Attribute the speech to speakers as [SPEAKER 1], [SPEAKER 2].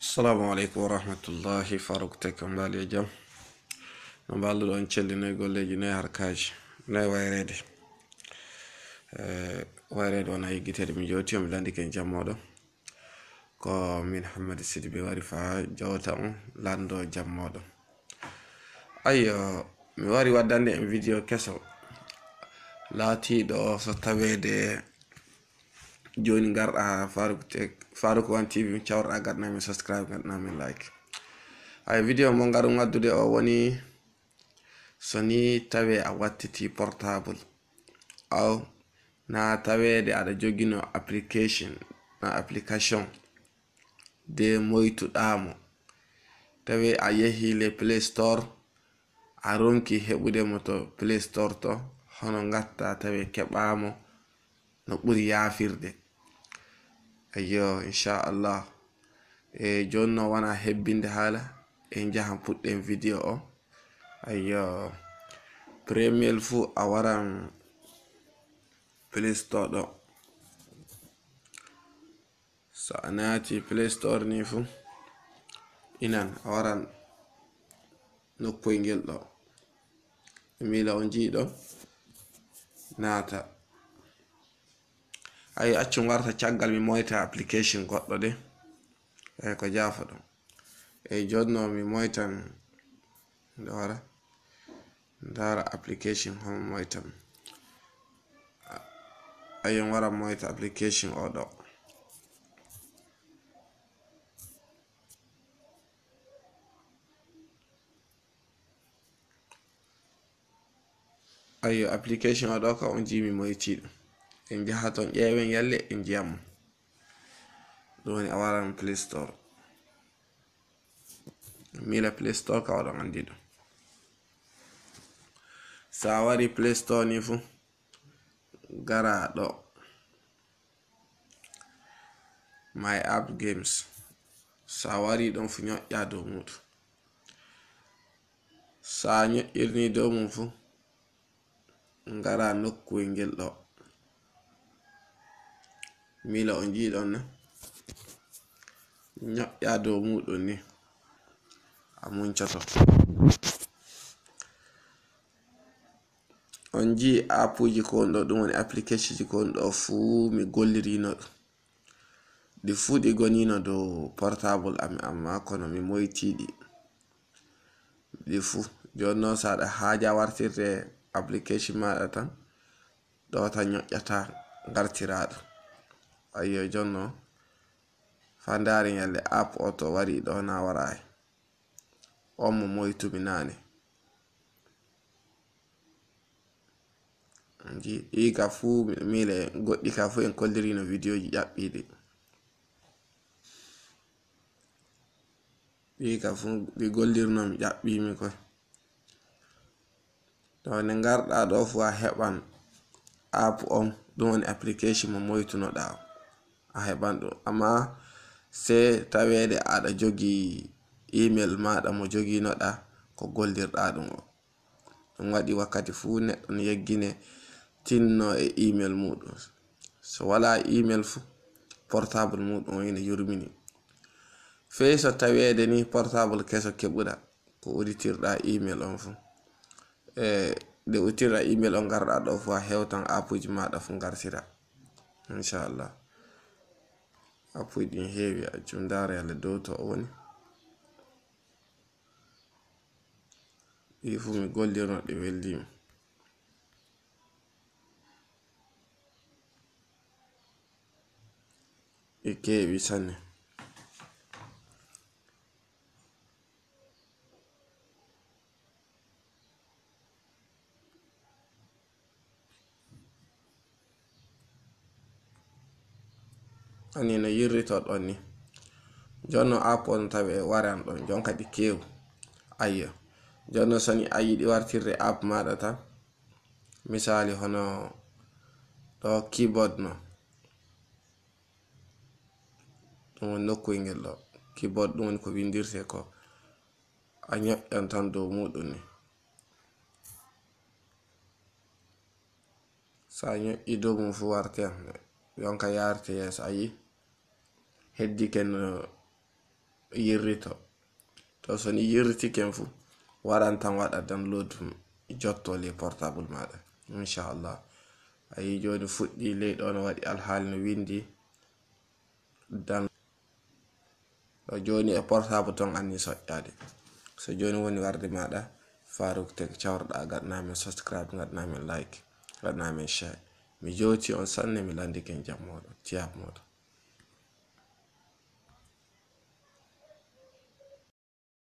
[SPEAKER 1] assalamu aleykum warahmatullahi farouk tek mbaali e jaam no mballuɗon cellinoy golleji noye harkaji noye wayrede eh, wayrede wona yiggitede mi joti o mi landike en jammoɗo ko min hammadi sidi be wari fa jawta on lando jammoɗo ayo mi wari waddande en vidéo keso laatiɗo so tawede joni garɗa ha faruk tek faruk 1 tv cawrɗa gaɗanamin subscribe gaɗanamin like ay vidéo mo garum addude o woni so ni tawe a wattiti portable aw na tawede aɗa jogino application na application de moytuɗamo tawe a yehi le play store a romki heɓudemo to play store to hono gatta tawe keɓamo no ɓuri yafirde ayo inchallah e, e jonno wana hebbinde haala en jahan puɗɗen vidéo o ayo premier fuu a waran play store ɗo so a naati play store ni fuu inan a waran nokkoyngel ɗo emila on jiɗo naata ayi accum warta caggal mi moyta application goɗɗo de eyi ko jaafo ɗum eyi jonno mi moytan nde wara ndara application homo moytan ayi wara moyta application o ɗo ayo application o ɗo ka on jimi moytiɗum en jaha ton ƴeewen yalle e njiyam ɗum woni a waran play store mila play store ka waɗo anndi ɗum so a wari play store ni fuu gara ɗo my app games so a wari ɗon fu ñoƴƴa dow muɗum so a ñoƴƴirni dow mum fuu ngara nokkuyel ngel ɗo mila on ji ɗon ñoƴƴa dow muɗum ni a muncoto on ji appuji ko on ɗo ɗum woni application ji ko on ɗo fuu mi gollirino ɗum ɗi fuu ɗi gonino dow portable ami amma kono mi moytiɗi ɗi fuu joni noon saɗa haaja wartirde application maɗa tan ɗo ta ñoƴƴata ngartiraɗum ayiyo jonno fandari yande app o to wari ɗo na warai on mo moytumi nane ɗiga fu mile goɗɗi ka fu en kollirino videoji ƴaɓɓiɗi ɗiga fu ɗi gollirnomi ƴaɓɓimi koy to ne garɗa ɗo fu a heɓan app on ɗum woni application mo moytunoɗa o a heɓan ɗum amma sey taweede aɗa jogi email maɗa mo joginoɗa ko gollirɗa ɗum o ɗum waɗi wakkati fuu neɗɗo n yeggine tinno e email muɗum so wala email fuu portable muɗum ine yurmini fey so taweede ni portable keso keɓuɗa ko uditirɗa email on fuu e nde utirɗa email on garɗa ɗo fuu a hewtan appuji maɗa fuu garsira inchallah apuy ɗin heewi accum ndaara yalla dow to o woni ɗii fuu mi gollirno ɗi weldimi ɗi e keeɓi sanne kani no yirrito ɗon ni jonno appon tawi e waran ɗon jon kadi kew ayyo jonno soni a yiɗi wartirde app maɗa tan misali hono ɗo keyboard no ɗum woni nokkuyngel ɗo keyboard ɗum woni ko windirte ko a ñoƴƴan tan dow muɗum ni so a ñoƴƴi dow mum fu warte yonka yarte yeeso ayi heddi ken eh, yirrito to so ni yirriti ken fu waran tan wada download le portable insha Allah ayi joni fuɗɗi le don wadi waɗi alhaali no windi dan ɗo joni e portable ton anni soƴƴade so joni woni wardi mada, faruk tek cawrɗa gaɗanamin subscribe gaɗanamin like gaɗanamin share mi joti on sanne mi landi ken jamodo modo